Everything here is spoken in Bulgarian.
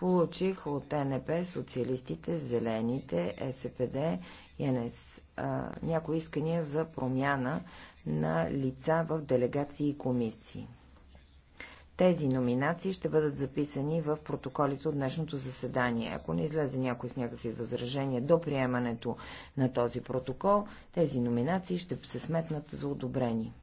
получих от НП, социалистите, зелените, СПД и НС а, някои искания за промяна на лица в делегации и комисии. Тези номинации ще бъдат записани в протоколите от днешното заседание. Ако не излезе някой с някакви възражения до приемането на този протокол, тези номинации ще се сметнат за одобрени.